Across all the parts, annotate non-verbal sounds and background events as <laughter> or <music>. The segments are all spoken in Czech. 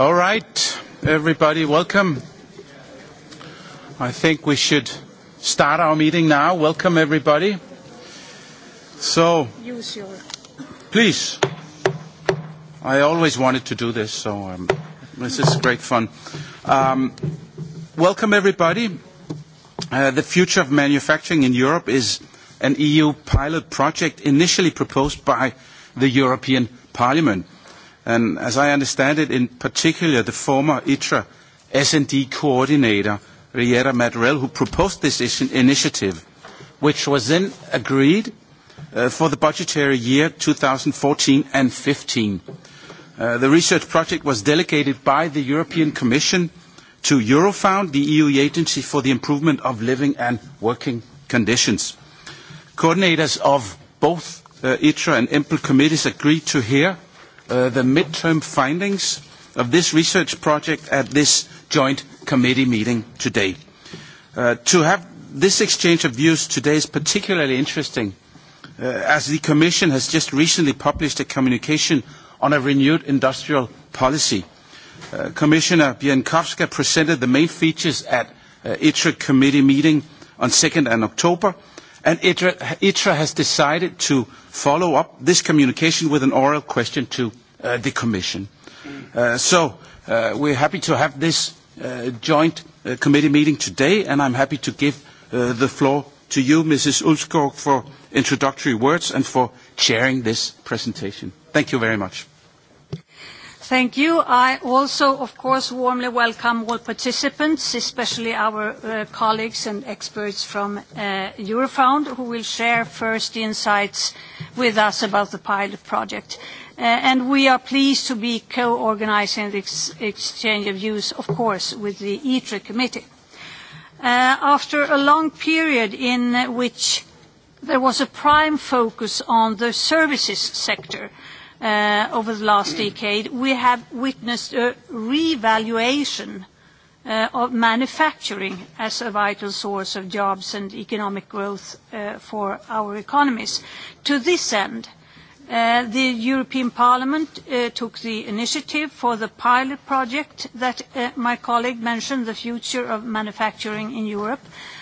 All right, everybody, welcome. I think we should start our meeting now. Welcome, everybody. So, Use your... please. I always wanted to do this, so um, this is great fun. Um, welcome, everybody. Uh, the future of manufacturing in Europe is an EU pilot project initially proposed by the European Parliament. And as I understand it, in particular, the former ITRA S&D coordinator, Riera Madrell, who proposed this initiative, which was then agreed uh, for the budgetary year 2014 and 15. Uh, the research project was delegated by the European Commission to Eurofound, the EU agency for the improvement of living and working conditions. Coordinators of both uh, ITRA and EMPL committees agreed to hear Uh, the midterm findings of this research project at this joint committee meeting today. Uh, to have this exchange of views today is particularly interesting uh, as the Commission has just recently published a communication on a renewed industrial policy. Uh, Commissioner Bienkowska presented the main features at uh, committee meeting on 2nd and October, and ITRA, has decided to follow up this communication with an oral question to uh, the Commission. Mm. Uh, so uh, we're happy to have this joint committee meeting today, and I'm happy to give the floor to you, Mrs. Ulskog, for introductory words and for chairing this presentation. Thank you very much. Thank you. I also, of course, warmly welcome all participants, especially our uh, colleagues and experts from uh, Eurofound, who will share first insights with us about the pilot project. Uh, we are pleased to be co-organizing this exchange of views, of course, with the ITRE e committee. After a long period in which there was a prime focus on the services sector, uh, over the last decade, we have witnessed a revaluation uh, of manufacturing as a vital source of jobs and economic growth uh, for our economies. To this end, Uh, the European Parliament uh, took the initiative for the pilot project that uh, my colleague mentioned, the future of manufacturing in Europe,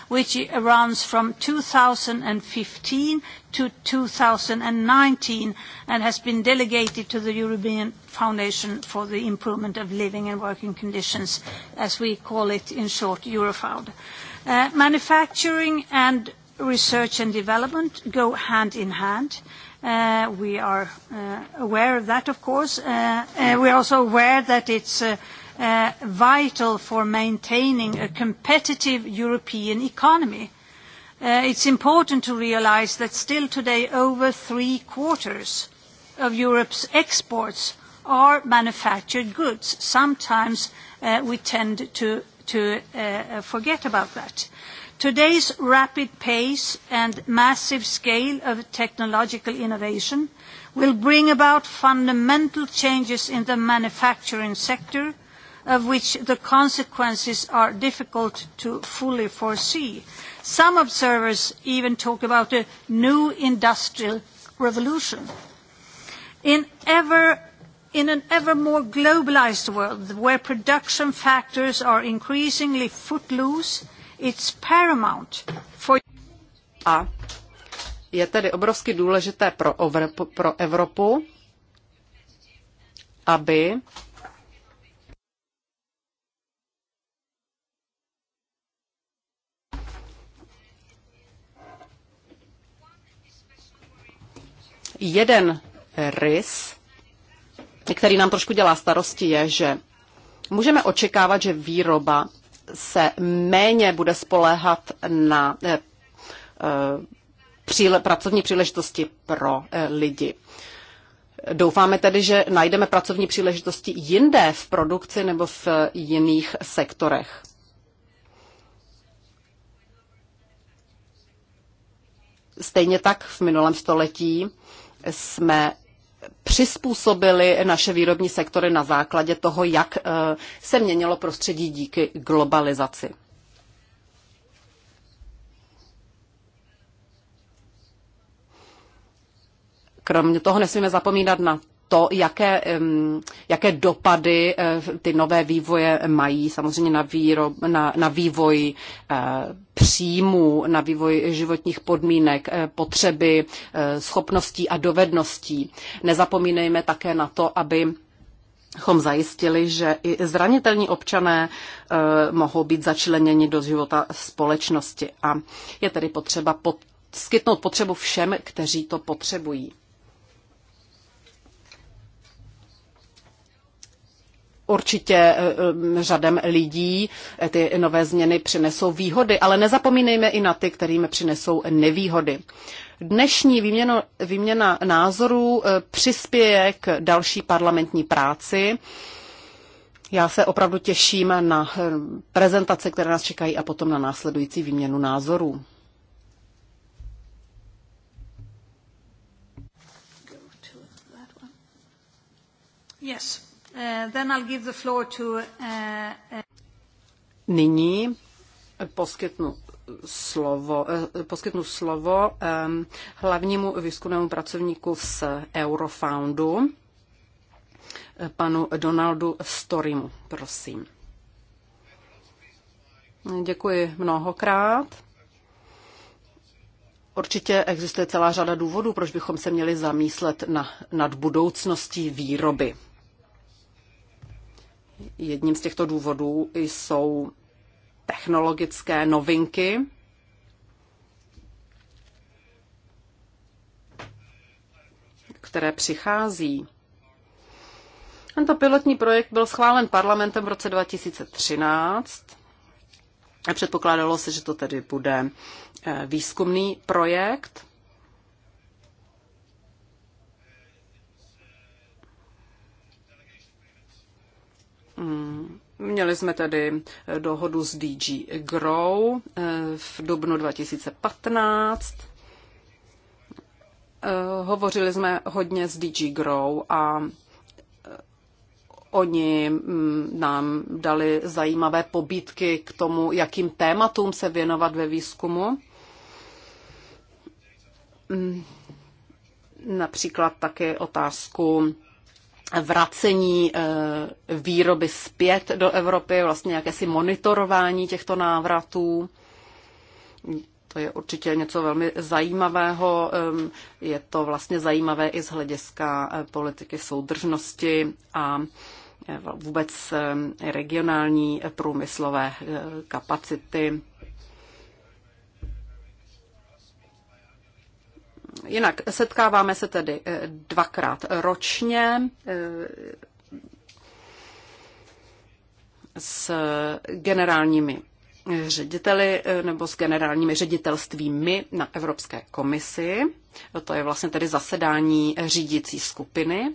which runs from 2015 to 2019 and has been delegated to the European Foundation for the Improvement of Living and Working Conditions, as we call it in short, Eurofound. Uh, manufacturing and research and development go hand in hand. Uh, we are uh, aware of that, of course. Uh, uh we are also aware that it's uh, Uh, vital for maintaining a competitive European economy. Uh, it's important to realize that still today over three quarters of Europe's exports are manufactured goods. Sometimes uh, we tend to, uh, forget about that. Today's rapid pace and massive scale of technological innovation will bring about fundamental changes in the manufacturing sector – of which the consequences are difficult to fully foresee. Some observers even talk about a new industrial revolution. In, ever, in an ever more globalized world, where production factors are increasingly footloose, it's paramount for... A je tedy obrovsky důležité pro, pro Evropu, aby Jeden rys, který nám trošku dělá starosti, je, že můžeme očekávat, že výroba se méně bude spoléhat na eh, eh, příle, pracovní příležitosti pro eh, lidi. Doufáme tedy, že najdeme pracovní příležitosti jinde v produkci nebo v jiných sektorech. Stejně tak v minulém století jsme přizpůsobili naše výrobní sektory na základě toho, jak eh, se měnilo prostředí díky globalizaci. Kromě toho nesmíme zapomínat na to, jaké, jaké dopady eh, ty nové vývoje mají samozřejmě na, výrob, na, na vývoj eh, příjmu na vývoj životních podmínek, eh, potřeby, schopností a dovedností. Nezapomínejme také na to, aby chom zajistili, že i zranitelní občané e, mohou být začleněni do života společnosti. A je tedy potřeba poskytnout potřebu všem, kteří to potřebují. Určitě e, e, řadem lidí e, ty nové změny přinesou výhody, ale nezapomínejme i na ty, kterým přinesou nevýhody. Dnešní výměno, výměna názorů přispěje k další parlamentní práci. Já se opravdu těším na prezentace, které nás čekají a potom na následující výměnu názorů. Yes. Eh, eh, eh, Nyní poskytnu slovo, poskytnu slovo ehm, hlavnímu výzkumnému pracovníku z Eurofoundu, panu Donaldu Storimu, prosím. Děkuji mnohokrát. Určitě existuje celá řada důvodů, proč bychom se měli zamýšlet na, nad budoucností výroby. Jedním z těchto důvodů jsou technologické novinky. které přichází. Tento pilotní projekt byl schválen parlamentem v roce 2013 a předpokládalo se, že to tedy bude eh, výzkumný projekt. Mm, měli jsme tedy eh, dohodu s DG Grow eh, v dubnu 2015. Eh, hovořili jsme hodně s DG Grow a oni mm, nám dali zajímavé pobídky k tomu, jakým tématům se věnovat ve výzkumu. Mm, například také otázku vracení eh, výroby zpět do Evropy, vlastně jakési monitorování těchto návratů. To je určitě něco velmi zajímavého. Je to vlastně zajímavé i z hlediska eh, politiky soudržnosti a eh, vůbec regionální průmyslové kapacity Jinak setkáváme se tedy eh, dvakrát ročně eh, s generálními řediteli eh, nebo s generálními ředitelstvími na Evropské komisi. To je vlastně tedy zasedání řídící skupiny.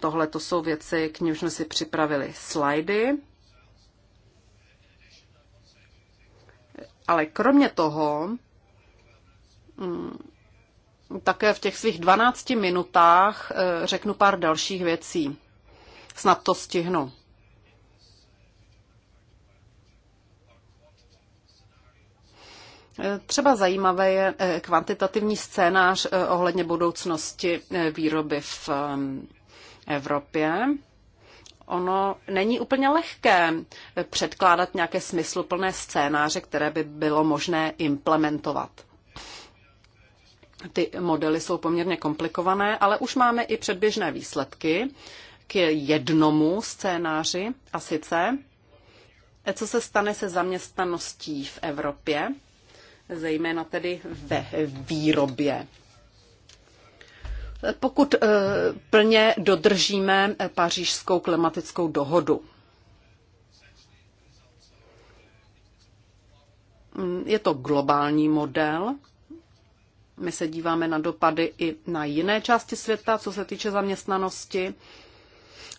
Tohle to jsou věci, k nimž jsme si připravili slajdy. Ale kromě toho Mm, také v těch svých 12 minutách eh, řeknu pár dalších věcí. Snad to stihnu. Eh, třeba zajímavé je eh, kvantitativní scénář ohledně budoucnosti výroby v Evropě. Ono není úplně lehké předkládat nějaké smysluplné scénáře, které by bylo možné implementovat. Ty modely jsou poměrně komplikované, ale už máme i předběžné výsledky k jednomu scénáři a sice, co se stane se zaměstnaností v Evropě, zejména tedy ve výrobě. Pokud eh, plně dodržíme pařížskou klimatickou dohodu. Je to globální model, my se díváme na dopady i na jiné části světa, co se týče zaměstnanosti.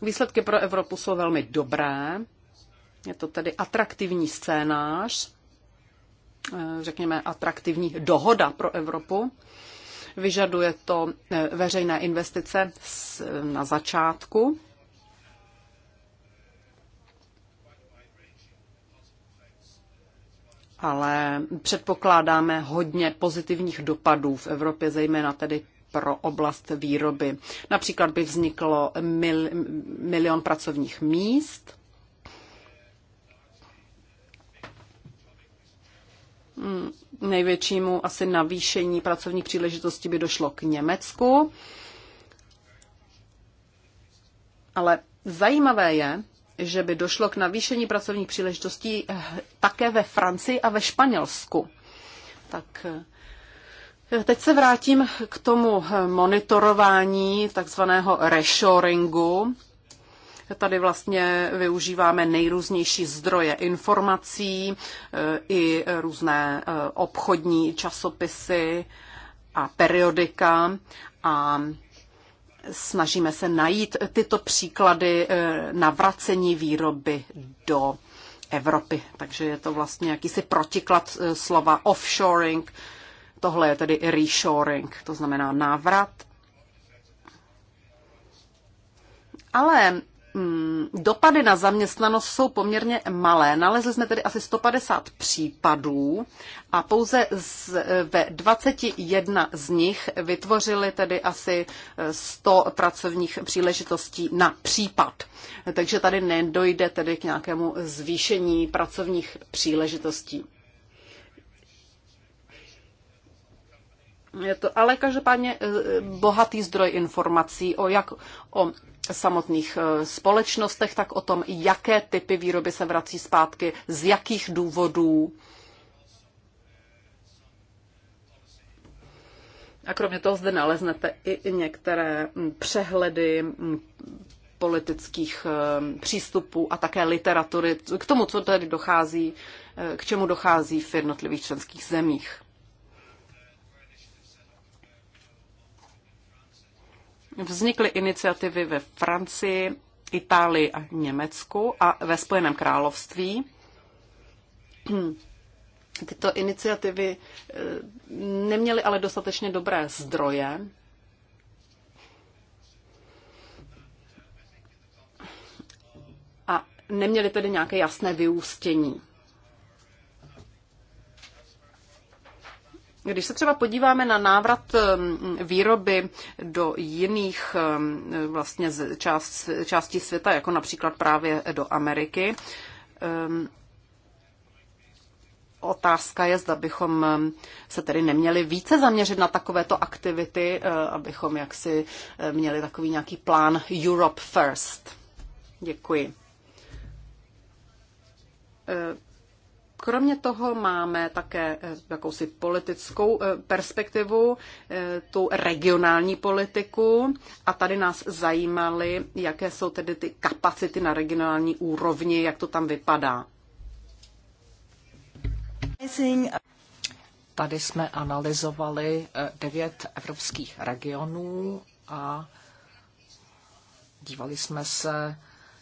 Výsledky pro Evropu jsou velmi dobré. Je to tedy atraktivní scénář, eh, řekněme atraktivní dohoda pro Evropu. Vyžaduje to eh, veřejné investice eh, na začátku ale předpokládáme hodně pozitivních dopadů v Evropě, zejména tedy pro oblast výroby. Například by vzniklo mil, milion pracovních míst. Hmm, největšímu asi navýšení pracovních příležitostí by došlo k Německu. Ale zajímavé je, že by došlo k navýšení pracovních příležitostí také ve Francii a ve Španělsku. Tak eh, Teď se vrátím k tomu eh, monitorování takzvaného reshoringu. Tady vlastně využíváme nejrůznější zdroje informací, eh, i různé obchodní časopisy a periodika a snažíme se najít tyto příklady navracení výroby do Evropy. Takže je to vlastně jakýsi protiklad e, slova offshoring. Tohle je tedy reshoring, to znamená návrat. Ale Mm, dopady na zaměstnanost jsou poměrně malé. Nalezli jsme tedy asi 150 případů a pouze z, ve 21 z nich vytvořili tedy asi 100 eh, pracovních příležitostí na případ. Takže tady nedojde tedy k nějakému zvýšení pracovních příležitostí. Je to ale každopádně eh, bohatý zdroj informací o jak o samotných eh, společnostech, tak o tom, jaké typy výroby se vrací zpátky, z jakých důvodů. A kromě toho zde naleznete i některé mm, přehledy mm, politických eh, přístupů a také literatury k tomu, co tady dochází, eh, k čemu dochází v jednotlivých členských zemích. Vznikly iniciativy ve Francii, Itálii a Německu a ve Spojeném království. <clears throat> Tyto iniciativy eh, neměly ale dostatečně dobré zdroje. A neměly tedy nějaké jasné vyústění. Když se třeba podíváme na návrat výroby do jiných vlastně část, částí světa, jako například právě do Ameriky, otázka je, zda bychom se tedy neměli více zaměřit na takovéto aktivity, eh, abychom jaksi eh, měli takový nějaký plán Europe First. Děkuji. Eh, Kromě toho máme také eh, jakousi politickou eh, perspektivu, eh, tu regionální politiku a tady nás zajímaly, jaké jsou tedy ty kapacity na regionální úrovni, jak to tam vypadá. Tady jsme analyzovali devět evropských regionů a dívali jsme se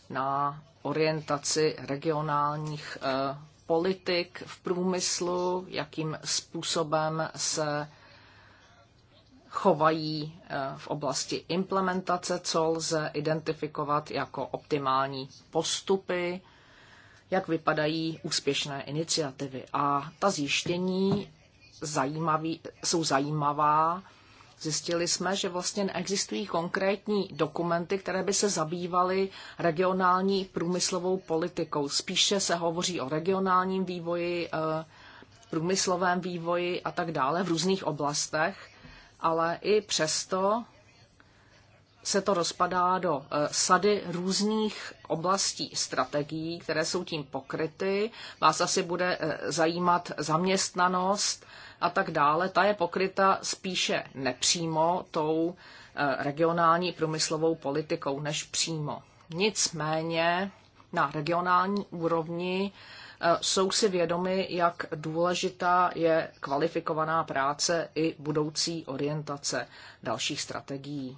na orientaci regionálních politik v průmyslu, jakým způsobem se chovají eh, v oblasti implementace, co lze identifikovat jako optimální postupy, jak vypadají úspěšné iniciativy. A ta zjištění zajímavý, jsou zajímavá Zjistili jsme, že vlastně neexistují konkrétní dokumenty, které by se zabývaly regionální průmyslovou politikou. Spíše se hovoří o regionálním vývoji, eh, průmyslovém vývoji a tak dále v různých oblastech, ale i přesto se to rozpadá do eh, sady různých oblastí strategií, které jsou tím pokryty. Vás asi bude eh, zajímat zaměstnanost, a tak dále, ta je pokryta spíše nepřímo tou eh, regionální průmyslovou politikou než přímo. Nicméně na regionální úrovni eh, jsou si vědomi, jak důležitá je kvalifikovaná práce i budoucí orientace dalších strategií.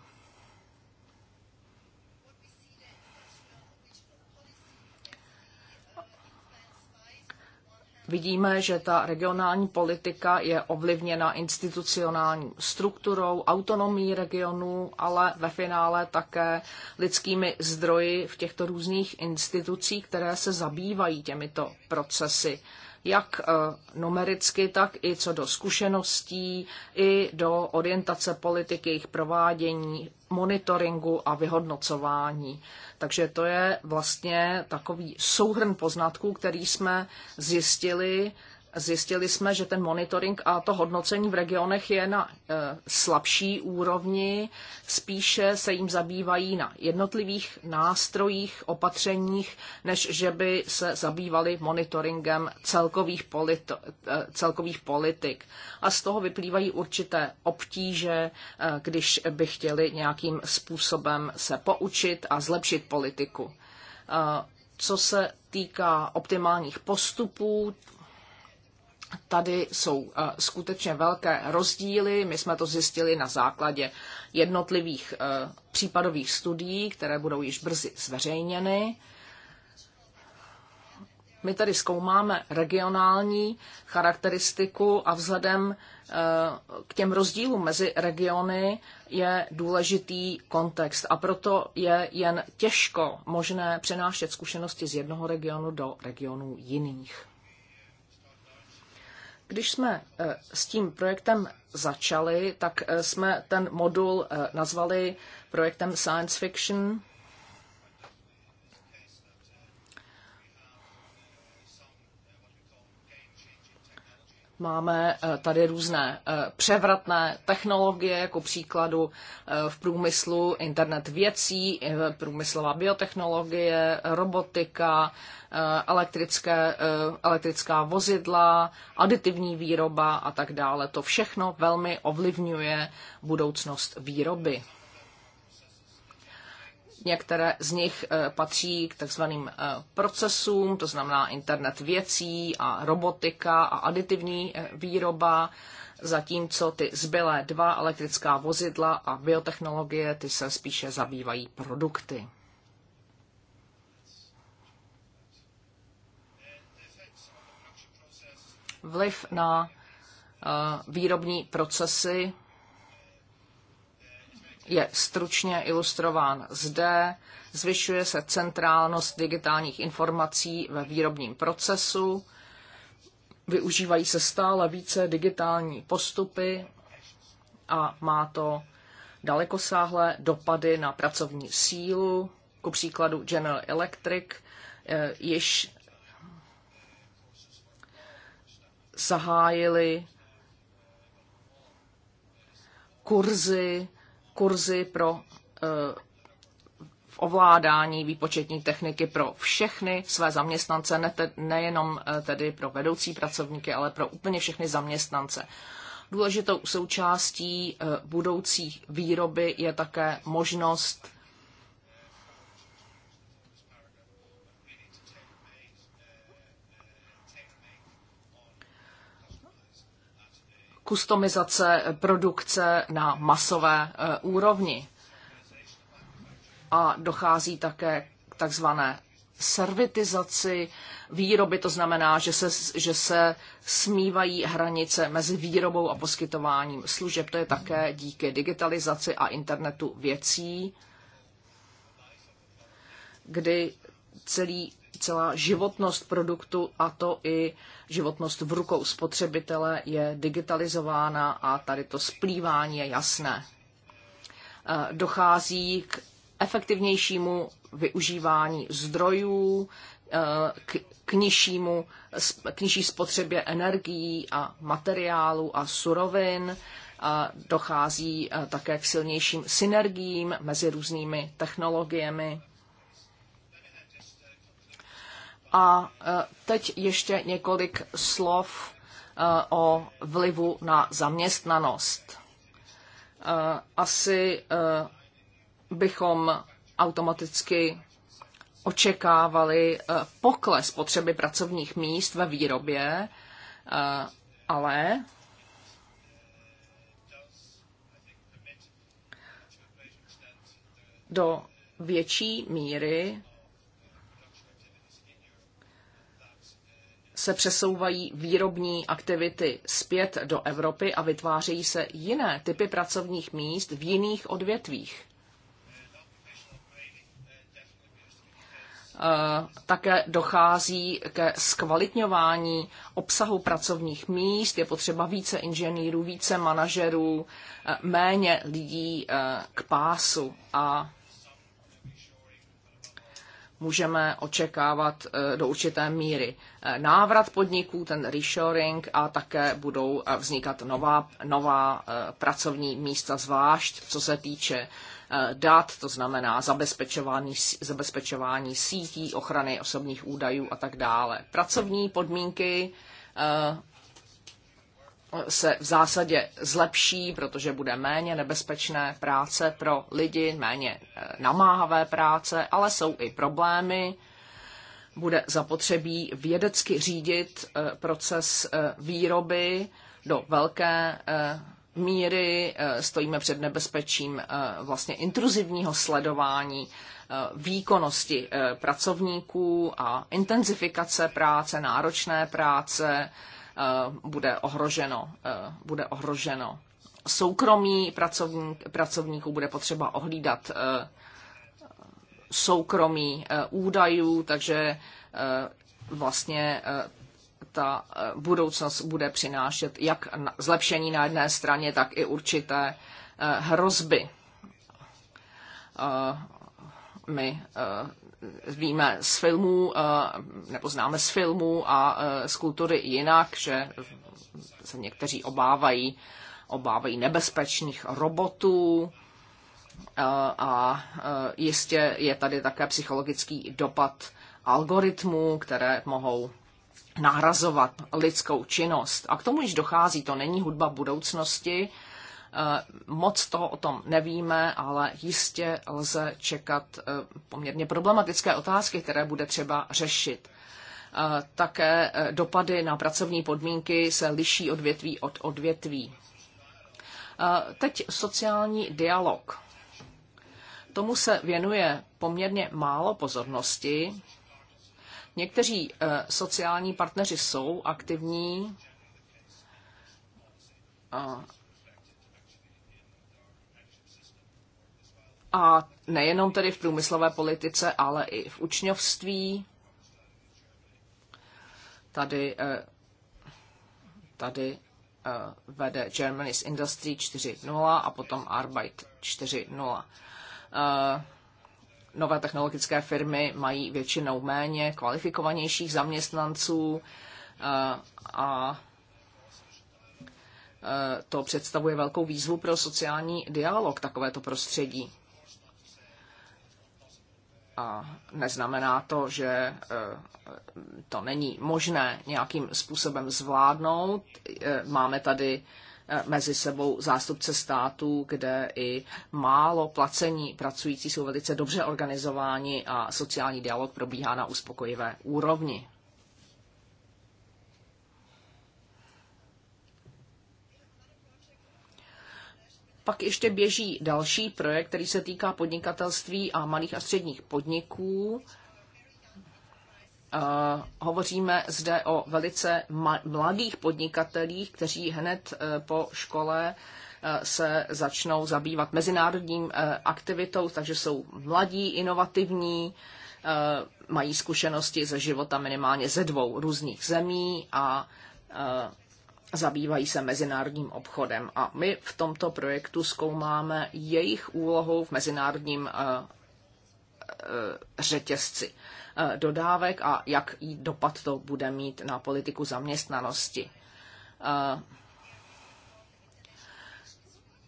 Vidíme, že ta regionální politika je ovlivněna institucionální strukturou, autonomií regionů, ale ve finále také lidskými zdroji v těchto různých institucích, které se zabývají těmito procesy jak e, numericky, tak i co do zkušeností, i do orientace politiky jejich provádění, monitoringu a vyhodnocování. Takže to je vlastně takový souhrn poznatků, který jsme zjistili Zjistili jsme, že ten monitoring a to hodnocení v regionech je na e, slabší úrovni, spíše se jim zabývají na jednotlivých nástrojích, opatřeních, než že by se zabývali monitoringem celkových, politi- e, celkových politik. A z toho vyplývají určité obtíže, e, když by chtěli nějakým způsobem se poučit a zlepšit politiku co se týká optimálních postupů, Tady jsou eh, skutečně velké rozdíly. My jsme to zjistili na základě jednotlivých eh, případových studií, které budou již brzy zveřejněny. My tady zkoumáme regionální charakteristiku a vzhledem eh, k těm rozdílům mezi regiony je důležitý kontext a proto je jen těžko možné přenášet zkušenosti z jednoho regionu do regionů jiných. Když jsme eh, s tím projektem začali, tak eh, jsme ten modul eh, nazvali projektem Science Fiction Máme eh, tady různé eh, převratné technologie, jako příkladu eh, v průmyslu internet věcí, průmyslová biotechnologie, robotika, elektrické, elektrická vozidla, aditivní výroba a tak dále. To všechno velmi ovlivňuje budoucnost výroby. Některé z nich eh, patří k takzvaným eh, procesům, to znamená internet věcí a robotika a aditivní eh, výroba, zatímco ty zbylé dva elektrická vozidla a biotechnologie, ty se spíše zabývají produkty. Vliv na výrobní procesy je stručně ilustrován zde. Zvyšuje se centrálnost digitálních informací ve výrobním procesu. Využívají se stále více digitální postupy a má to dalekosáhlé dopady na pracovní sílu. Ku příkladu General Electric eh, již zahájili kurzy kurzy pro eh, v ovládání výpočetní techniky pro všechny své zaměstnance, ne te, nejenom eh, tedy pro vedoucí pracovníky, ale pro úplně všechny zaměstnance. Důležitou součástí eh, budoucí výroby je také možnost kustomizace produkce na masové e, úrovni. A dochází také k takzvané servitizaci výroby, to znamená, že se, že se smívají hranice mezi výrobou a poskytováním služeb. To je také díky digitalizaci a internetu věcí, kdy celý celá životnost produktu a to i životnost v rukou spotřebitele je digitalizována a tady to splývání je jasné. Eh, dochází k efektivnějšímu využívání zdrojů, eh, k, k, nižšímu, k nižší spotřebě energií a materiálu a surovin. A dochází eh, také k silnějším synergiím mezi různými technologiemi a e, teď ještě několik slov e, o vlivu na zaměstnanost. E, asi bychom automaticky očekávali pokles potřeby pracovních míst ve výrobě, ale do větší míry se přesouvají výrobní aktivity zpět do Evropy a vytvářejí se jiné typy pracovních míst v jiných odvětvích. Eh, také dochází ke zkvalitňování obsahu pracovních míst. Je potřeba více inženýrů, více manažerů, eh, méně lidí eh, k pásu. A můžeme očekávat eh, do určité míry eh, návrat podniků, ten reshoring a také budou eh, vznikat nová, nová pracovní místa, zvlášť co se týče dat, to znamená zabezpečování, zabezpečování sítí, ochrany osobních údajů a tak dále. Pracovní podmínky se v zásadě zlepší, protože bude méně nebezpečné práce pro lidi, méně eh, namáhavé práce, ale jsou i problémy. Bude zapotřebí vědecky řídit eh, proces eh, výroby do velké míry. Stojíme před nebezpečím vlastně intruzivního sledování výkonnosti pracovníků a intenzifikace práce, náročné práce, Eh, bude ohroženo, eh, bude ohroženo soukromí pracovník, pracovníků, bude potřeba ohlídat eh, soukromí údajů, takže vlastně ta budoucnost bude přinášet jak zlepšení na jedné straně, tak i určité hrozby my eh, víme z filmů, eh, nebo známe z filmů a eh, z kultury jinak, že se někteří obávají, obávají nebezpečných robotů, a jistě je tady také psychologický dopad algoritmů, které mohou nahrazovat lidskou činnost. A k tomu již dochází, to není hudba budoucnosti, Eh, moc toho o tom nevíme, ale jistě lze čekat eh, poměrně problematické otázky, které bude třeba řešit. Eh, také dopady na pracovní podmínky se liší odvětví od odvětví. Teď sociální dialog. Tomu se věnuje poměrně málo pozornosti. Někteří sociální partneři jsou aktivní a nejenom tedy v průmyslové politice, ale i v učňovství. Tady, eh, tady eh, vede Germany's Industry 4.0 a potom Arbeit 4.0. Eh, nové technologické firmy mají většinou méně kvalifikovanějších zaměstnanců a to představuje velkou výzvu pro sociální dialog, takovéto prostředí a neznamená to, že e, to není možné nějakým způsobem zvládnout. E, máme tady e, mezi sebou zástupce států, kde i málo placení pracující jsou velice dobře organizováni a sociální dialog probíhá na uspokojivé úrovni. Pak ještě běží další projekt, který se týká podnikatelství a malých a středních podniků. Uh, hovoříme zde o velice mladých podnikatelích, kteří hned uh, po škole uh, se začnou zabývat mezinárodním aktivitou, takže jsou mladí, inovativní, mají zkušenosti ze života minimálně ze dvou různých zemí a zabývají se mezinárodním obchodem a my v tomto projektu zkoumáme jejich úlohu v mezinárodním eh, eh, řetězci eh, dodávek a jak dopad to bude mít na politiku zaměstnanosti.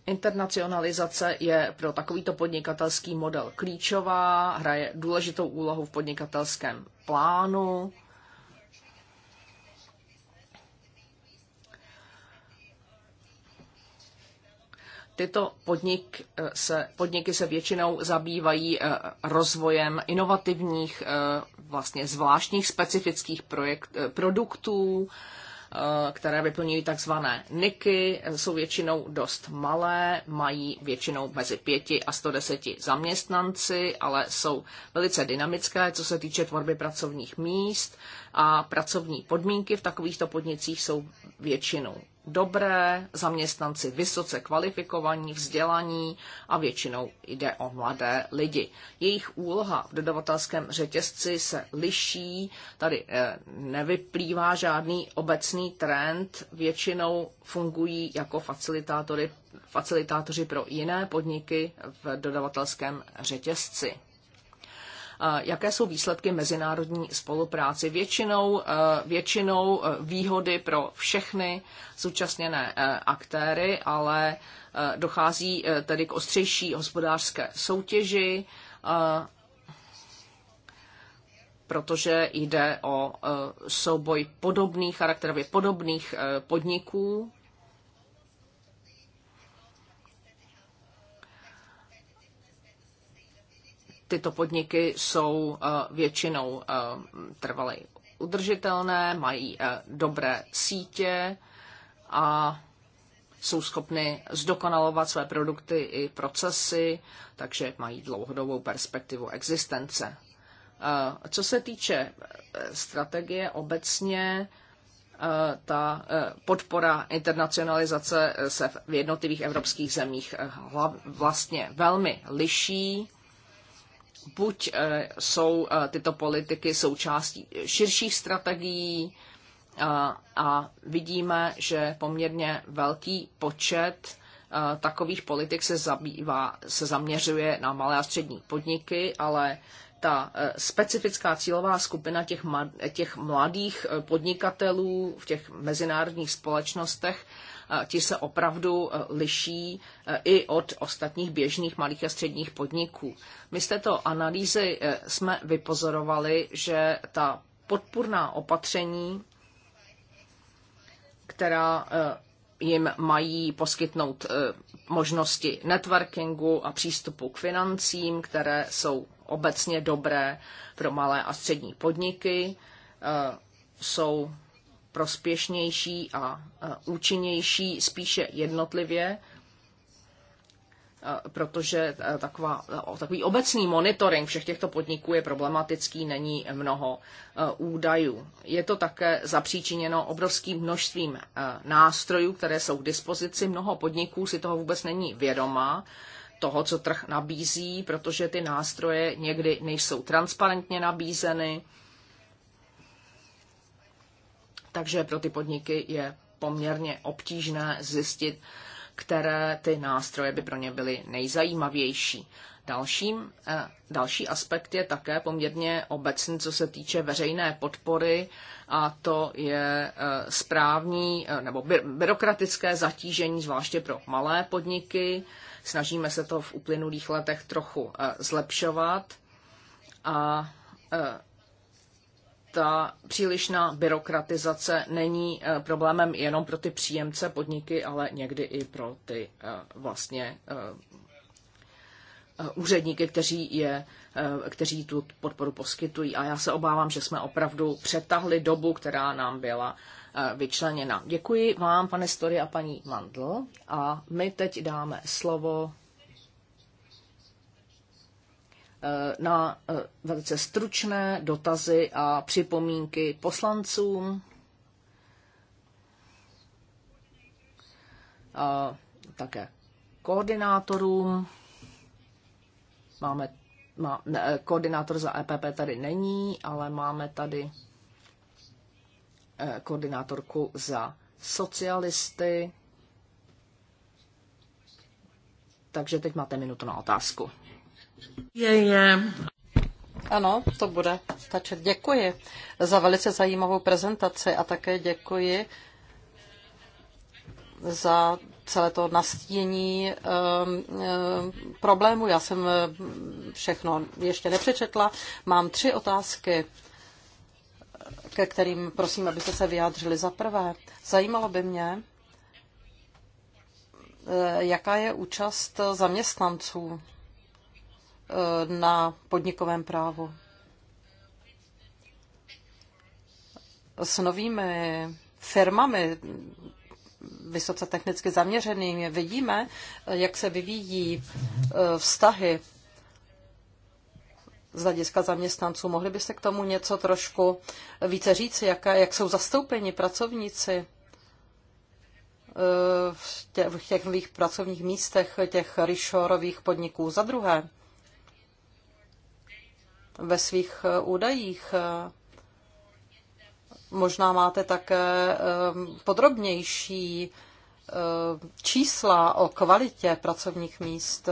Internacionalizace je pro takovýto podnikatelský model klíčová, hraje důležitou úlohu v podnikatelském plánu Tyto podnik eh, se, podniky se většinou zabývají eh, rozvojem inovativních, eh, vlastně zvláštních specifických projekt, produktů, které vyplňují takzvané niky, jsou většinou dost malé, mají většinou mezi 5 a 110 zaměstnanci, ale jsou velice dynamické, co se týče tvorby pracovních míst a pracovní podmínky v takovýchto podnicích jsou většinou dobré, zaměstnanci vysoce kvalifikovaní, vzdělaní a většinou jde o mladé lidi. Jejich úloha v dodavatelském řetězci se liší, tady eh, nevyplývá žádný obecný trend, většinou fungují jako facilitátory, facilitátoři pro jiné podniky v dodavatelském řetězci jaké jsou výsledky mezinárodní spolupráce. Většinou, eh, většinou eh, výhody pro všechny zúčastněné eh, aktéry, ale dochází tedy k ostřejší hospodářské soutěži, protože jde o souboj podobných, charakterově podobných podniků tyto podniky jsou eh, většinou eh, trvalé udržitelné, mají eh, dobré sítě a jsou schopny zdokonalovat své produkty i procesy, takže mají dlouhodobou perspektivu existence. Co se týče strategie obecně, ta podpora internacionalizace se v jednotlivých evropských zemích vlastně velmi liší buď eh, jsou eh, tyto politiky součástí širších strategií eh, a vidíme, že poměrně velký počet takových politik se, zabývá, se zaměřuje na malé a střední podniky, ale ta specifická cílová skupina těch, těch mladých podnikatelů v těch mezinárodních společnostech ti se opravdu e, liší e, i od ostatních běžných malých a středních podniků. My z této analýzy e, jsme vypozorovali, že ta podpůrná opatření, která jim mají poskytnout možnosti networkingu a přístupu k financím, které jsou obecně dobré pro malé a střední podniky, jsou prospěšnější a účinnější spíše jednotlivě, protože e, taková, takový obecný monitoring všech těchto podniků je problematický, není mnoho e, údajů. Je to také zapříčiněno obrovským množstvím e, nástrojů, které jsou k dispozici. Mnoho podniků si toho vůbec není vědomá toho, co trh nabízí, protože ty nástroje někdy nejsou transparentně nabízeny takže pro ty podniky je poměrně obtížné zjistit, které ty nástroje by pro ně byly nejzajímavější. Dalším, eh, další aspekt je také poměrně obecný, co se týče veřejné podpory, a to je eh, správní eh, nebo byrokratické zatížení, zvláště pro malé podniky. Snažíme se to v uplynulých letech trochu zlepšovat a ta přílišná byrokratizace není eh, problémem jenom pro ty příjemce podniky, ale někdy i pro ty eh, vlastně eh, úředníky, kteří, je, kteří tu podporu poskytují. A já se obávám, že jsme opravdu přetahli dobu, která nám byla vyčleněna. Děkuji vám, pane Story a paní Mandl. A my teď dáme slovo Eh, na eh, velice stručné dotazy a připomínky poslancům. A také koordinátorům. Máme má, ne, eh, koordinátor za EPP tady není, ale máme tady koordinátorku za socialisty. Takže teď máte minutu na otázku. Je, je. Ano, to bude stačit. Děkuji za velice zajímavou prezentaci a také děkuji za celé to nastínění ehm, ehm, problému. Já jsem ehm, všechno ještě nepřečetla. Mám tři otázky, ke kterým prosím, abyste se vyjádřili. Za prvé, zajímalo by mě, eh, jaká je účast zaměstnanců Eh, na podnikovém právu. S novými firmami vysoce technicky zaměřenými vidíme, jak se vyvíjí eh, vztahy z hlediska zaměstnanců. Mohli byste k tomu něco trošku více říct, jaké, jak jsou zastoupeni pracovníci eh, v těch, v těch nových pracovních místech těch ryšorových podniků? Za druhé, ve svých eh, údajích. Eh, možná máte také eh, podrobnější čísla o kvalitě pracovních míst.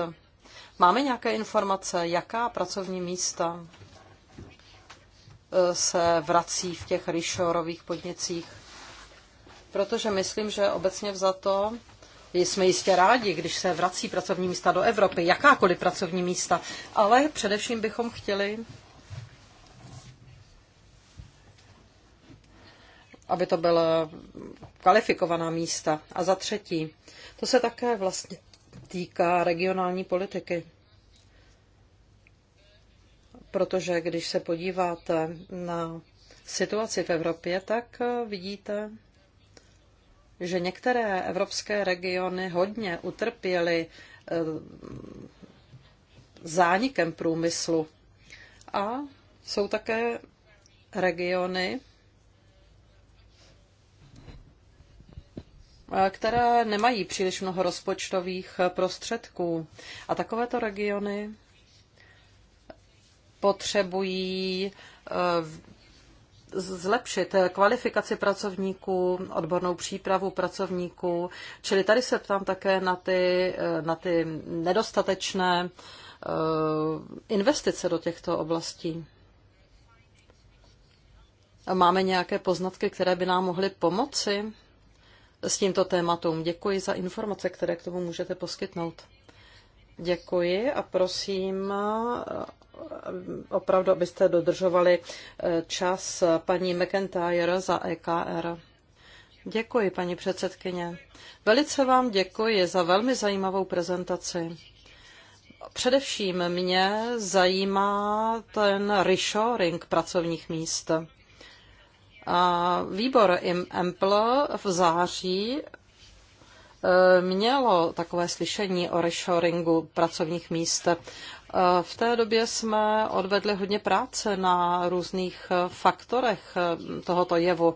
Máme nějaké informace, jaká pracovní místa se vrací v těch ryšorových podnicích? Protože myslím, že obecně vzato jsme jistě rádi, když se vrací pracovní místa do Evropy, jakákoliv pracovní místa, ale především bychom chtěli, aby to byla kvalifikovaná místa. A za třetí, to se také vlastně týká regionální politiky. Protože když se podíváte na situaci v Evropě, tak vidíte, že některé evropské regiony hodně utrpěly eh, zánikem průmyslu. A jsou také regiony, eh, které nemají příliš mnoho rozpočtových prostředků. A takovéto regiony potřebují eh, zlepšit kvalifikaci pracovníků, odbornou přípravu pracovníků. Čili tady se ptám také na ty, eh, na ty nedostatečné eh, investice do těchto oblastí. Máme nějaké poznatky, které by nám mohly pomoci s tímto tématům. Děkuji za informace, které k tomu můžete poskytnout. Děkuji a prosím opravdu, abyste dodržovali eh, čas paní McIntyre za EKR. Děkuji, paní předsedkyně. Velice vám děkuji za velmi zajímavou prezentaci. Především mě zajímá ten reshoring pracovních míst. A výbor im Ample v září eh, mělo takové slyšení o reshoringu pracovních míst Eh, v té době jsme odvedli hodně práce na různých eh, faktorech eh, tohoto jevu.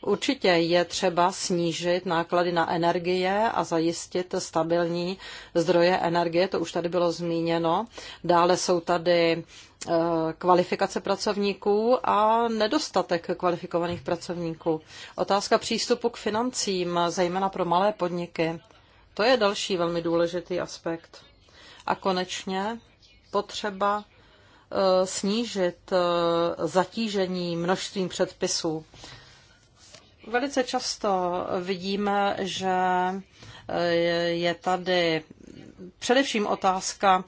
Určitě je třeba snížit náklady na energie a zajistit stabilní zdroje energie, to už tady bylo zmíněno. Dále jsou tady kvalifikace pracovníků a nedostatek kvalifikovaných pracovníků. Otázka přístupu k financím, zejména pro malé podniky. To je další velmi důležitý aspekt. A konečně potřeba eh, snížit eh, zatížení množstvím předpisů. Velice často vidíme, že eh, je tady především otázka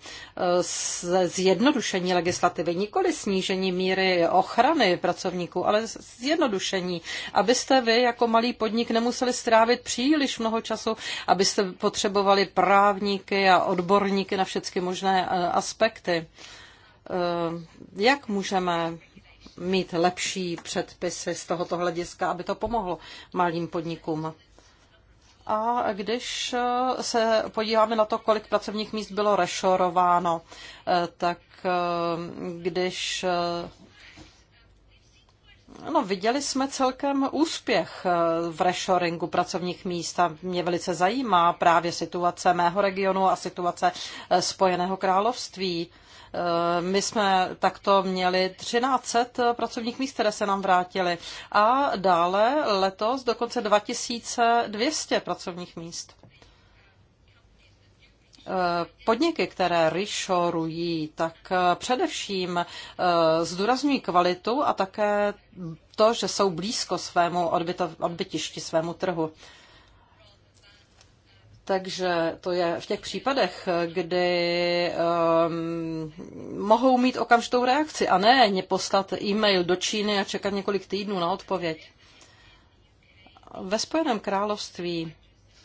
eh, zjednodušení legislativy, nikoli snížení míry ochrany pracovníků, ale zjednodušení, abyste vy jako malý podnik nemuseli strávit příliš mnoho času, abyste potřebovali právníky a odborníky na všechny možné eh, aspekty. Eh, jak můžeme mít lepší předpisy z tohoto hlediska, aby to pomohlo malým podnikům? A když eh, se podíváme na to, kolik pracovních míst bylo rešorováno, eh, tak eh, když No, viděli jsme celkem úspěch v reshoringu pracovních míst a mě velice zajímá právě situace mého regionu a situace Spojeného království. Eh, my jsme takto měli 1300 eh, pracovních míst, které se nám vrátily. A dále letos dokonce 2200 pracovních míst. Eh, podniky, které rešorují, tak především zdůrazňují kvalitu a také to, že jsou blízko svému odbytišti, svému trhu. Takže to je v těch případech, kdy um, mohou mít okamžitou reakci a ne mě poslat e-mail do Číny a čekat několik týdnů na odpověď. Ve Spojeném království,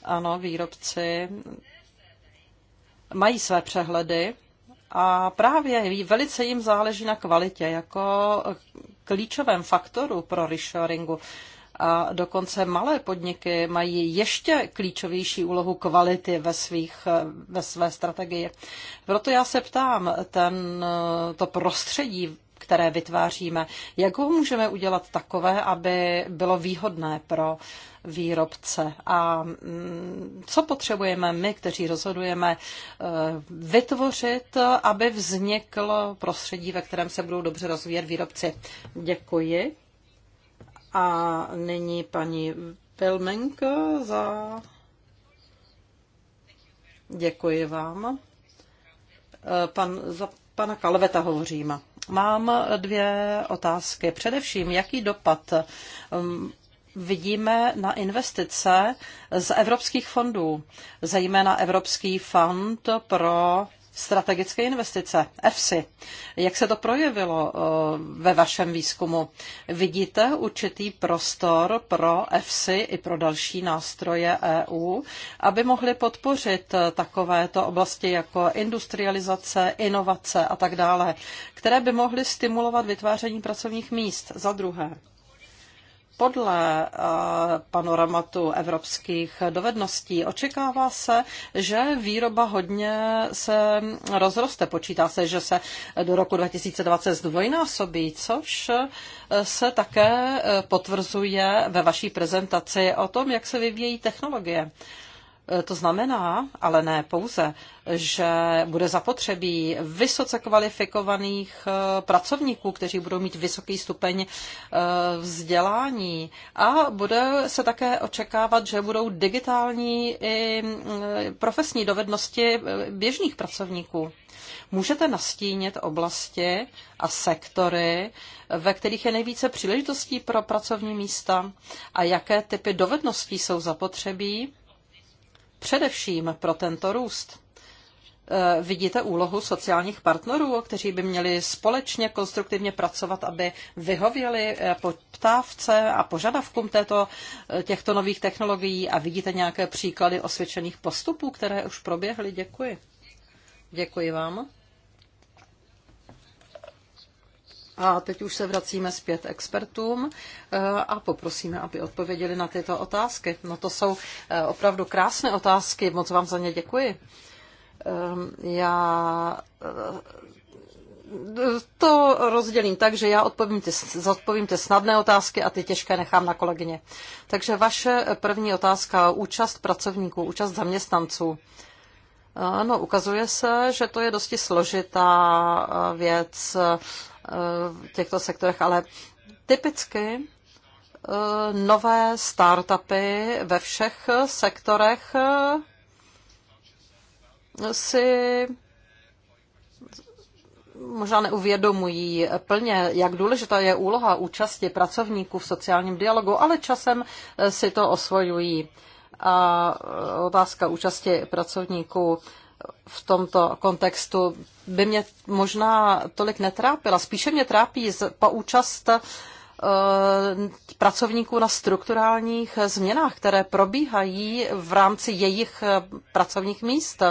ano, výrobci mají své přehledy a právě velice jim záleží na kvalitě jako klíčovém faktoru pro reshoringu. Uh, a dokonce malé podniky mají ještě klíčovější úlohu kvality ve, svých, ve své strategii. Proto já se ptám, ten, to prostředí, které vytváříme, jak ho můžeme udělat takové, aby bylo výhodné pro výrobce a mm, co potřebujeme my, kteří rozhodujeme, eh, vytvořit, aby vzniklo prostředí, ve kterém se budou dobře rozvíjet výrobci. Děkuji. A nyní paní Pelmenko za... Děkuji vám. Eh, pan, za pana Kalveta hovořím. Mám dvě otázky. Především, jaký dopad ehm, vidíme na investice z evropských fondů, zejména Evropský fond pro strategické investice, EFSI. Jak se to projevilo eh, ve vašem výzkumu? Vidíte určitý prostor pro EFSI i pro další nástroje EU, aby mohly podpořit eh, takovéto oblasti jako industrializace, inovace a tak dále, které by mohly stimulovat vytváření pracovních míst. Za druhé, podle eh, panoramatu evropských dovedností očekává se, že výroba hodně se rozroste. Počítá se, že se do roku 2020 zdvojnásobí, což eh, se také eh, potvrzuje ve vaší prezentaci o tom, jak se vyvíjí technologie. E, to znamená, ale ne pouze, že bude zapotřebí vysoce kvalifikovaných e, pracovníků, kteří budou mít vysoký stupeň e, vzdělání a bude se také očekávat, že budou digitální i profesní dovednosti běžných pracovníků. Můžete nastínit oblasti a sektory, ve kterých je nejvíce příležitostí pro pracovní místa a jaké typy dovedností jsou zapotřebí především pro tento růst. E, vidíte úlohu sociálních partnerů, kteří by měli společně konstruktivně pracovat, aby vyhověli e, poptávce a požadavkům této, e, těchto nových technologií a vidíte nějaké příklady osvědčených postupů, které už proběhly? Děkuji. Děkuji vám. A teď už se vracíme zpět expertům eh, a poprosíme, aby odpověděli na tyto otázky. No to jsou eh, opravdu krásné otázky, moc vám za ně děkuji. Ehm, já eh, to rozdělím tak, že já odpovím ty, zodpovím ty snadné otázky a ty těžké nechám na kolegyně. Takže vaše první otázka, účast pracovníků, účast zaměstnanců. Ano, ukazuje se, že to je dosti složitá eh, věc eh, v těchto sektorech, ale typicky eh, nové startupy ve všech sektorech si možná neuvědomují plně, jak důležitá je úloha účasti pracovníků v sociálním dialogu, ale časem si to osvojují a e, otázka účasti pracovníků v tomto kontextu by mě možná tolik netrápila. Spíše mě trápí účast e, pracovníků na strukturálních změnách, které probíhají v rámci jejich e, pracovních míst.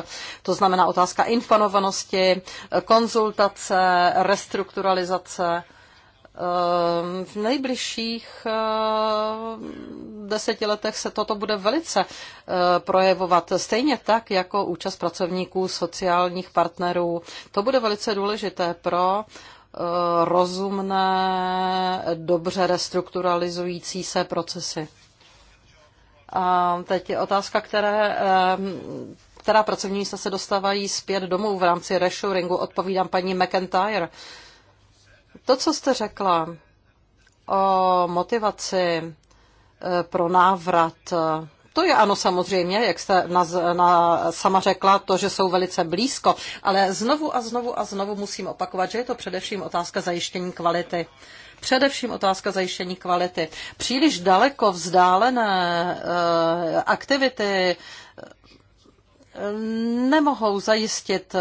To znamená otázka informovanosti, konzultace, restrukturalizace. Ehm, v nejbližších ehm, deseti letech se toto bude velice eh, projevovat. Stejně tak jako účast pracovníků, sociálních partnerů. To bude velice důležité pro eh, rozumné, dobře restrukturalizující se procesy. A teď je otázka, které, ehm, která pracovní místa se dostávají zpět domů v rámci reshoringu. Odpovídám paní McIntyre. To, co jste řekla o motivaci e, pro návrat, e, to je ano samozřejmě, jak jste na, na, sama řekla, to, že jsou velice blízko, ale znovu a znovu a znovu musím opakovat, že je to především otázka zajištění kvality především otázka zajištění kvality. Příliš daleko vzdálené e, aktivity nemohou zajistit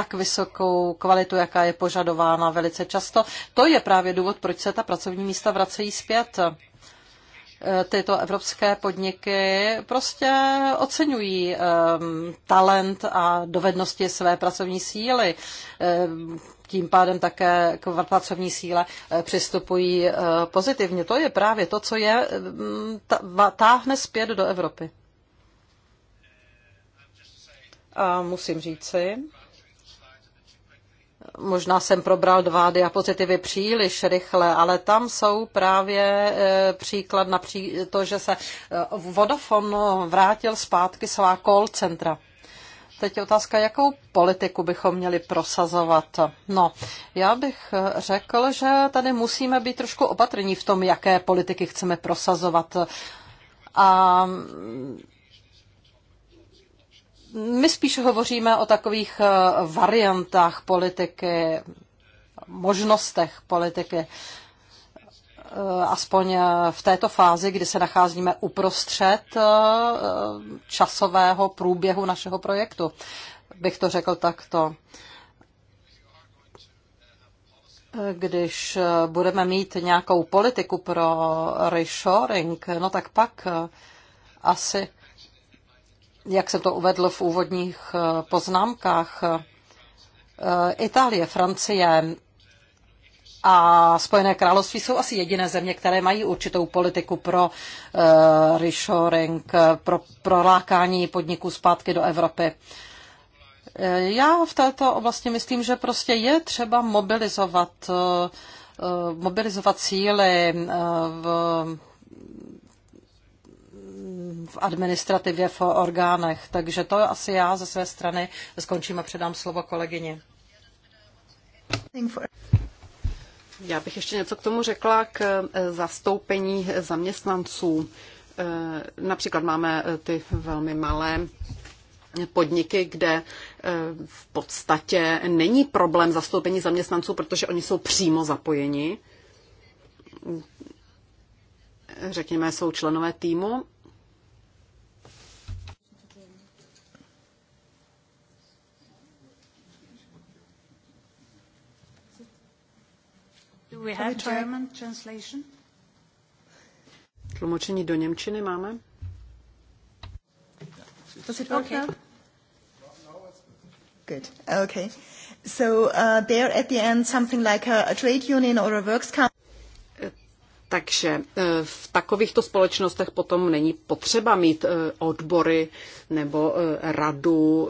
tak vysokou kvalitu, jaká je požadována velice často. To je právě důvod, proč se ta pracovní místa vracejí zpět e, tyto evropské podniky prostě oceňují e, talent a dovednosti své pracovní síly. E, tím pádem také k pracovní síle přistupují pozitivně. To je právě to, co je táhne zpět do Evropy. A musím říci, Možná jsem probral dva diapozitivy příliš rychle, ale tam jsou právě e, příklad na pří, to, že se e, Vodafone vrátil zpátky svá call centra. Teď je otázka, jakou politiku bychom měli prosazovat. No, já bych e, řekl, že tady musíme být trošku opatrní v tom, jaké politiky chceme prosazovat. A my spíš hovoříme o takových eh, variantách politiky, možnostech politiky. Eh, aspoň eh, v této fázi, kdy se nacházíme uprostřed časového průběhu našeho projektu, bych to řekl takto. Když budeme mít nějakou politiku pro reshoring, no tak pak asi jak jsem to uvedl v úvodních eh, poznámkách, eh, Itálie, Francie a Spojené království jsou asi jediné země, které mají určitou politiku pro uh, reshoring, pro prolákání podniků zpátky do Evropy. Já v této oblasti myslím, že prostě je třeba mobilizovat, mobilizovat síly v v administrativě v orgánech. Takže to asi já ze své strany skončím a předám slovo kolegyně. Já bych ještě něco k tomu řekla k e, zastoupení zaměstnanců. E, například máme e, ty velmi malé podniky, kde v podstatě není problém zastoupení zaměstnanců, protože oni jsou přímo zapojeni. Řekněme, jsou členové týmu Do we have German translation? Tlumočení do Němčiny máme? Does it work okay. now? Good. Okay. So uh, there at the end, something like a, a trade union or a works council. Takže e, v takovýchto společnostech potom není potřeba mít e, odbory nebo e, radu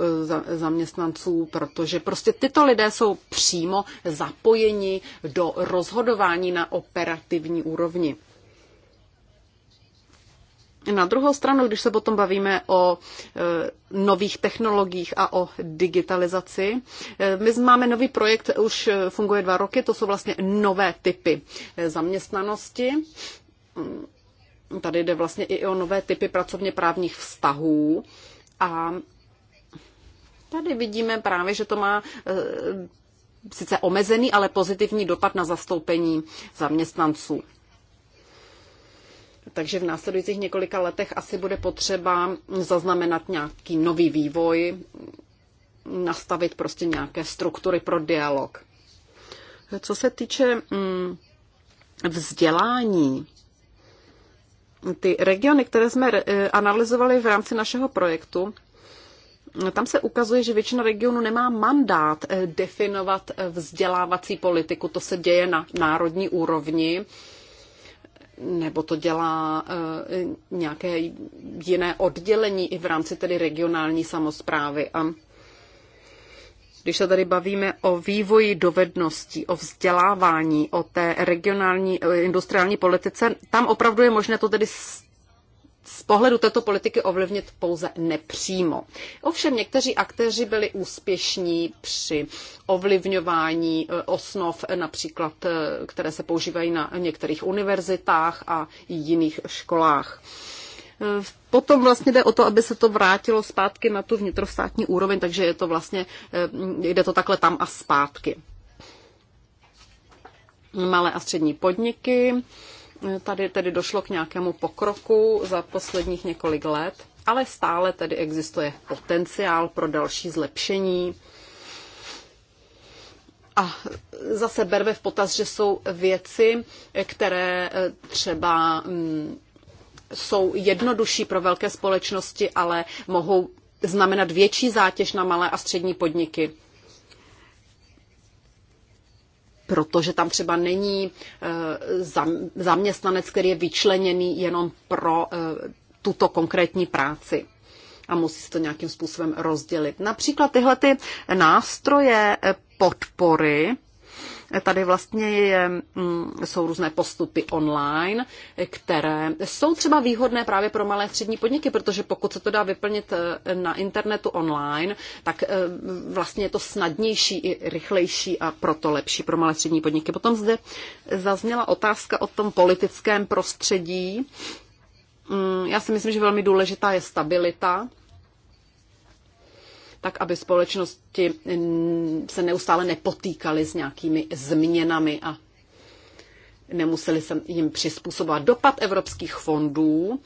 zaměstnanců, protože prostě tyto lidé jsou přímo zapojeni do rozhodování na operativní úrovni. Na druhou stranu, když se potom bavíme o e, nových technologiích a o digitalizaci, e, my máme nový projekt, už e, funguje dva roky, to jsou vlastně nové typy zaměstnanosti. Mm, tady jde vlastně i o nové typy pracovně právních vztahů a tady vidíme právě, že to má sice omezený, ale pozitivní dopad na zastoupení zaměstnanců. Takže v následujících několika letech asi bude potřeba zaznamenat nějaký nový vývoj, nastavit prostě nějaké struktury pro dialog. Co se týče mm, vzdělání, ty regiony, které jsme eh, analyzovali v rámci našeho projektu, tam se ukazuje, že většina regionů nemá mandát eh, definovat eh, vzdělávací politiku. To se děje na národní úrovni nebo to dělá eh, nějaké jiné oddělení i v rámci tedy regionální samozprávy. A když se tady bavíme o vývoji dovedností, o vzdělávání, o té regionální eh, industriální politice, tam opravdu je možné to tedy z pohledu této politiky ovlivnit pouze nepřímo. Ovšem někteří aktéři byli úspěšní při ovlivňování e, osnov, e, například, e, které se používají na některých univerzitách a jiných školách. Potom vlastně jde o to, aby se to vrátilo zpátky na tu vnitrostátní úroveň, takže je to vlastně, jde to takhle tam a zpátky. Malé a střední podniky, Tady tedy došlo k nějakému pokroku za posledních několik let, ale stále tedy existuje potenciál pro další zlepšení. A zase berme v potaz, že jsou věci, které eh, třeba mm, jsou jednodušší pro velké společnosti, ale mohou znamenat větší zátěž na malé a střední podniky protože tam třeba není eh, zaměstnanec, který je vyčleněný jenom pro eh, tuto konkrétní práci a musí se to nějakým způsobem rozdělit. Například tyhle ty nástroje eh, podpory Tady vlastně je, mm, jsou různé postupy online, které jsou třeba výhodné právě pro malé střední podniky, protože pokud se to dá vyplnit eh, na internetu online, tak eh, vlastně je to snadnější i rychlejší a proto lepší pro malé střední podniky. Potom zde zazněla otázka o tom politickém prostředí. Mm, já si myslím, že velmi důležitá je stabilita tak aby společnosti mm, se neustále nepotýkaly s nějakými změnami a nemuseli se jim přizpůsobovat. Dopad evropských fondů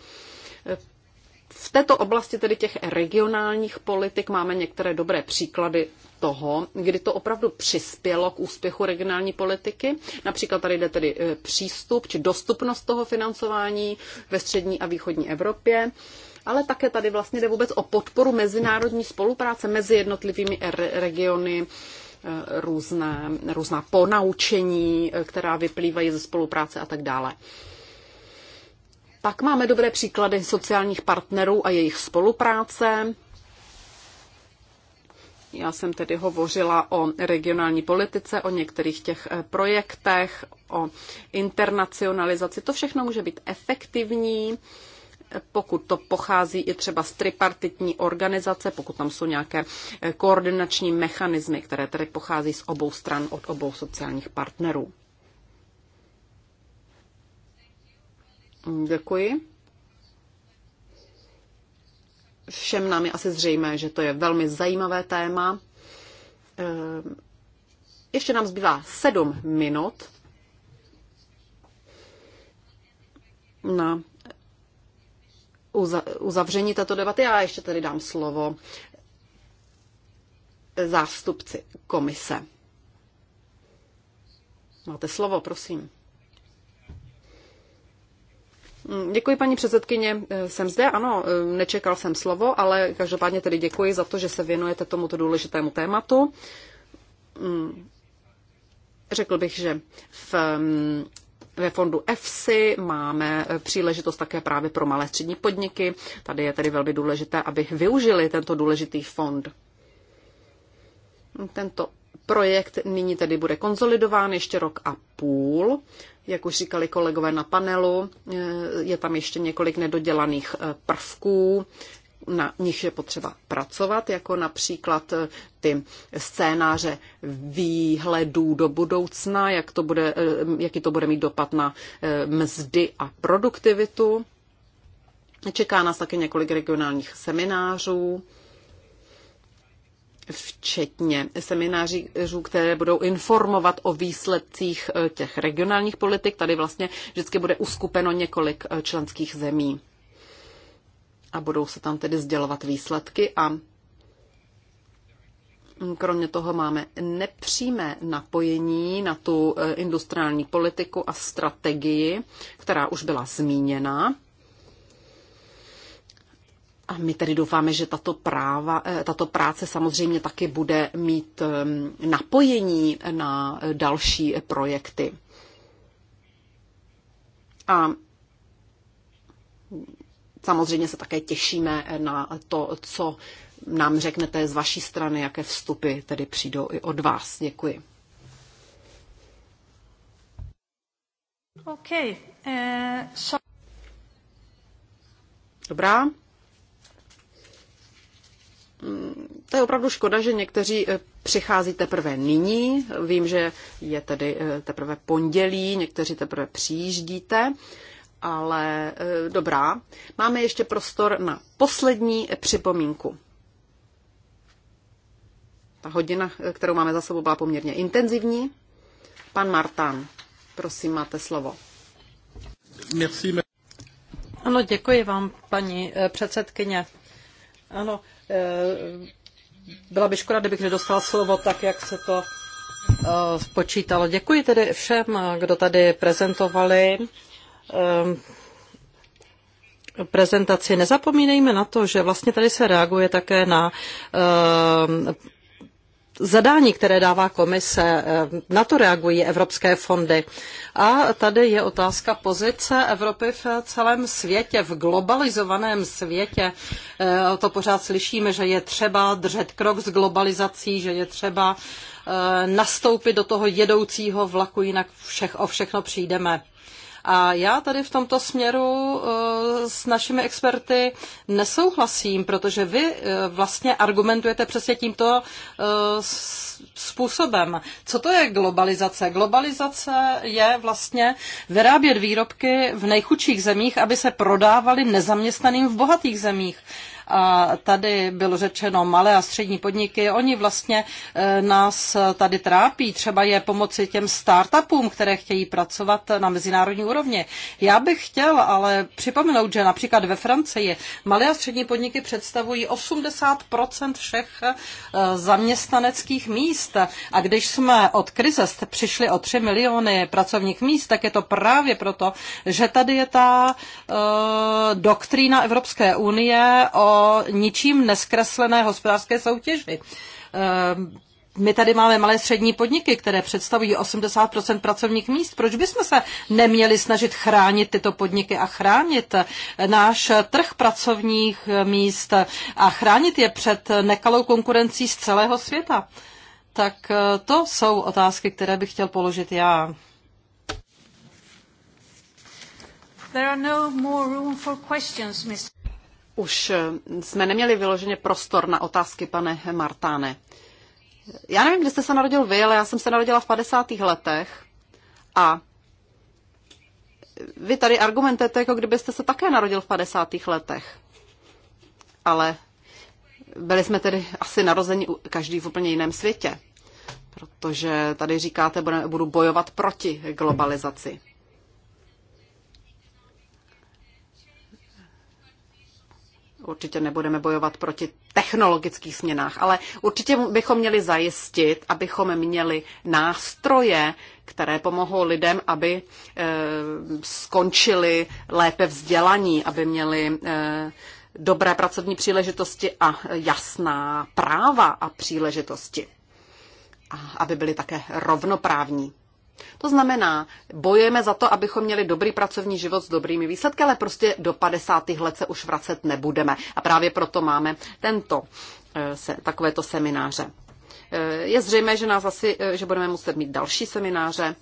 v této oblasti tedy těch regionálních politik máme některé dobré příklady toho, kdy to opravdu přispělo k úspěchu regionální politiky. Například tady jde tedy eh, přístup či dostupnost toho financování ve střední a východní Evropě ale také tady vlastně jde vůbec o podporu mezinárodní spolupráce mezi jednotlivými er- regiony, eh, různé, různá ponaučení, eh, která vyplývají ze spolupráce a tak dále. Pak máme dobré příklady sociálních partnerů a jejich spolupráce. Já jsem tedy hovořila o regionální politice, o některých těch eh, projektech, o internacionalizaci. To všechno může být efektivní pokud to pochází i třeba z tripartitní organizace, pokud tam jsou nějaké eh, koordinační mechanismy, které tedy pochází z obou stran od obou sociálních partnerů. Děkuji. Všem nám je asi zřejmé, že to je velmi zajímavé téma. Eh, ještě nám zbývá sedm minut na uzavření této debaty. Já ještě tedy dám slovo zástupci komise. Máte slovo, prosím. Děkuji, paní předsedkyně. Jsem zde, ano, nečekal jsem slovo, ale každopádně tedy děkuji za to, že se věnujete tomuto důležitému tématu. Řekl bych, že v ve fondu EFSI máme eh, příležitost také právě pro malé střední podniky. Tady je tedy velmi důležité, aby využili tento důležitý fond. Tento projekt nyní tedy bude konzolidován ještě rok a půl. Jak už říkali kolegové na panelu, eh, je tam ještě několik nedodělaných eh, prvků, na nich je potřeba pracovat, jako například eh, ty scénáře výhledů do budoucna, jak to bude, eh, jaký to bude mít dopad na eh, mzdy a produktivitu. Čeká nás také několik regionálních seminářů, včetně seminářů, které budou informovat o výsledcích těch regionálních politik. Tady vlastně vždycky bude uskupeno několik členských zemí a budou se tam tedy sdělovat výsledky a Kromě toho máme nepřímé napojení na tu e, industriální politiku a strategii, která už byla zmíněna. A my tedy doufáme, že tato, práva, e, tato práce samozřejmě taky bude mít e, napojení na další projekty. A Samozřejmě se také těšíme na to, co nám řeknete z vaší strany, jaké vstupy tedy přijdou i od vás. Děkuji. Okay. Uh, so... Dobrá. Mm, to je opravdu škoda, že někteří eh, přichází teprve nyní. Vím, že je tedy eh, teprve pondělí, někteří teprve přijíždíte ale eh, dobrá. Máme ještě prostor na poslední připomínku. Ta hodina, eh, kterou máme za sebou, byla poměrně intenzivní. Pan Martán, prosím, máte slovo. Merci. Ano, děkuji vám, paní eh, předsedkyně. Ano, byla by škoda, kdybych nedostala slovo tak, jak se to spočítalo. Děkuji tedy všem, kdo tady prezentovali Ehm, prezentaci. Nezapomínejme na to, že vlastně tady se reaguje také na ehm, zadání, které dává komise, ehm, na to reagují evropské fondy. A tady je otázka pozice Evropy v celém světě, v globalizovaném světě. To pořád slyšíme, že je třeba držet krok s globalizací, že je třeba nastoupit do toho jedoucího vlaku, jinak všech, o všechno přijdeme. A já tady v tomto směru eh, s našimi experty nesouhlasím, protože vy eh, vlastně argumentujete přesně tímto eh, způsobem. Co to je globalizace? Globalizace je vlastně vyrábět výrobky v nejchudších zemích, aby se prodávaly nezaměstnaným v bohatých zemích. A tady bylo řečeno malé a střední podniky, oni vlastně eh, nás tady trápí, třeba je pomoci těm startupům, které chtějí pracovat na mezinárodní úrovni. Já bych chtěl ale připomenout, že například ve Francii malé a střední podniky představují 80% všech eh, zaměstnaneckých míst. A když jsme od krize přišli o 3 miliony pracovních míst, tak je to právě proto, že tady je ta uh, doktrína Evropské unie o ničím neskreslené hospodářské soutěži. Ehm, my tady máme malé střední podniky, které představují 80 pracovních míst. Proč bychom se neměli snažit chránit tyto podniky a chránit náš trh pracovních míst a chránit je před nekalou konkurencí z celého světa? Tak eh, to jsou otázky, které bych chtěl položit já. There are no more room for questions, Mr už eh, jsme neměli vyloženě prostor na otázky, pane Martáne. Já nevím, kde jste se narodil vy, ale já jsem se narodila v 50. letech a vy tady argumentujete, jako kdybyste se také narodil v 50. letech. Ale byli jsme tedy asi narozeni každý v úplně jiném světě, protože tady říkáte, budu bojovat proti globalizaci. Určitě nebudeme bojovat proti technologických směnách, ale určitě bychom měli zajistit, abychom měli nástroje, které pomohou lidem, aby e, skončili lépe vzdělaní, aby měli e, dobré pracovní příležitosti a jasná práva a příležitosti. A aby byli také rovnoprávní. To znamená, bojujeme za to, abychom měli dobrý pracovní život s dobrými výsledky, ale prostě do 50. let se už vracet nebudeme. A právě proto máme tento, eh, se, takovéto semináře. Eh, je zřejmé, že nás asi, eh, že budeme muset mít další semináře.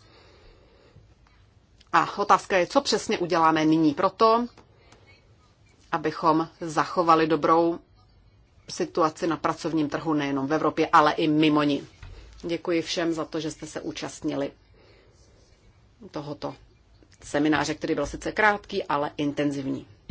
A otázka je, co přesně uděláme nyní proto, abychom zachovali dobrou situaci na pracovním trhu nejenom v Evropě, ale i mimo ní. Děkuji všem za to, že jste se účastnili tohoto semináře, který byl sice krátký, ale intenzivní.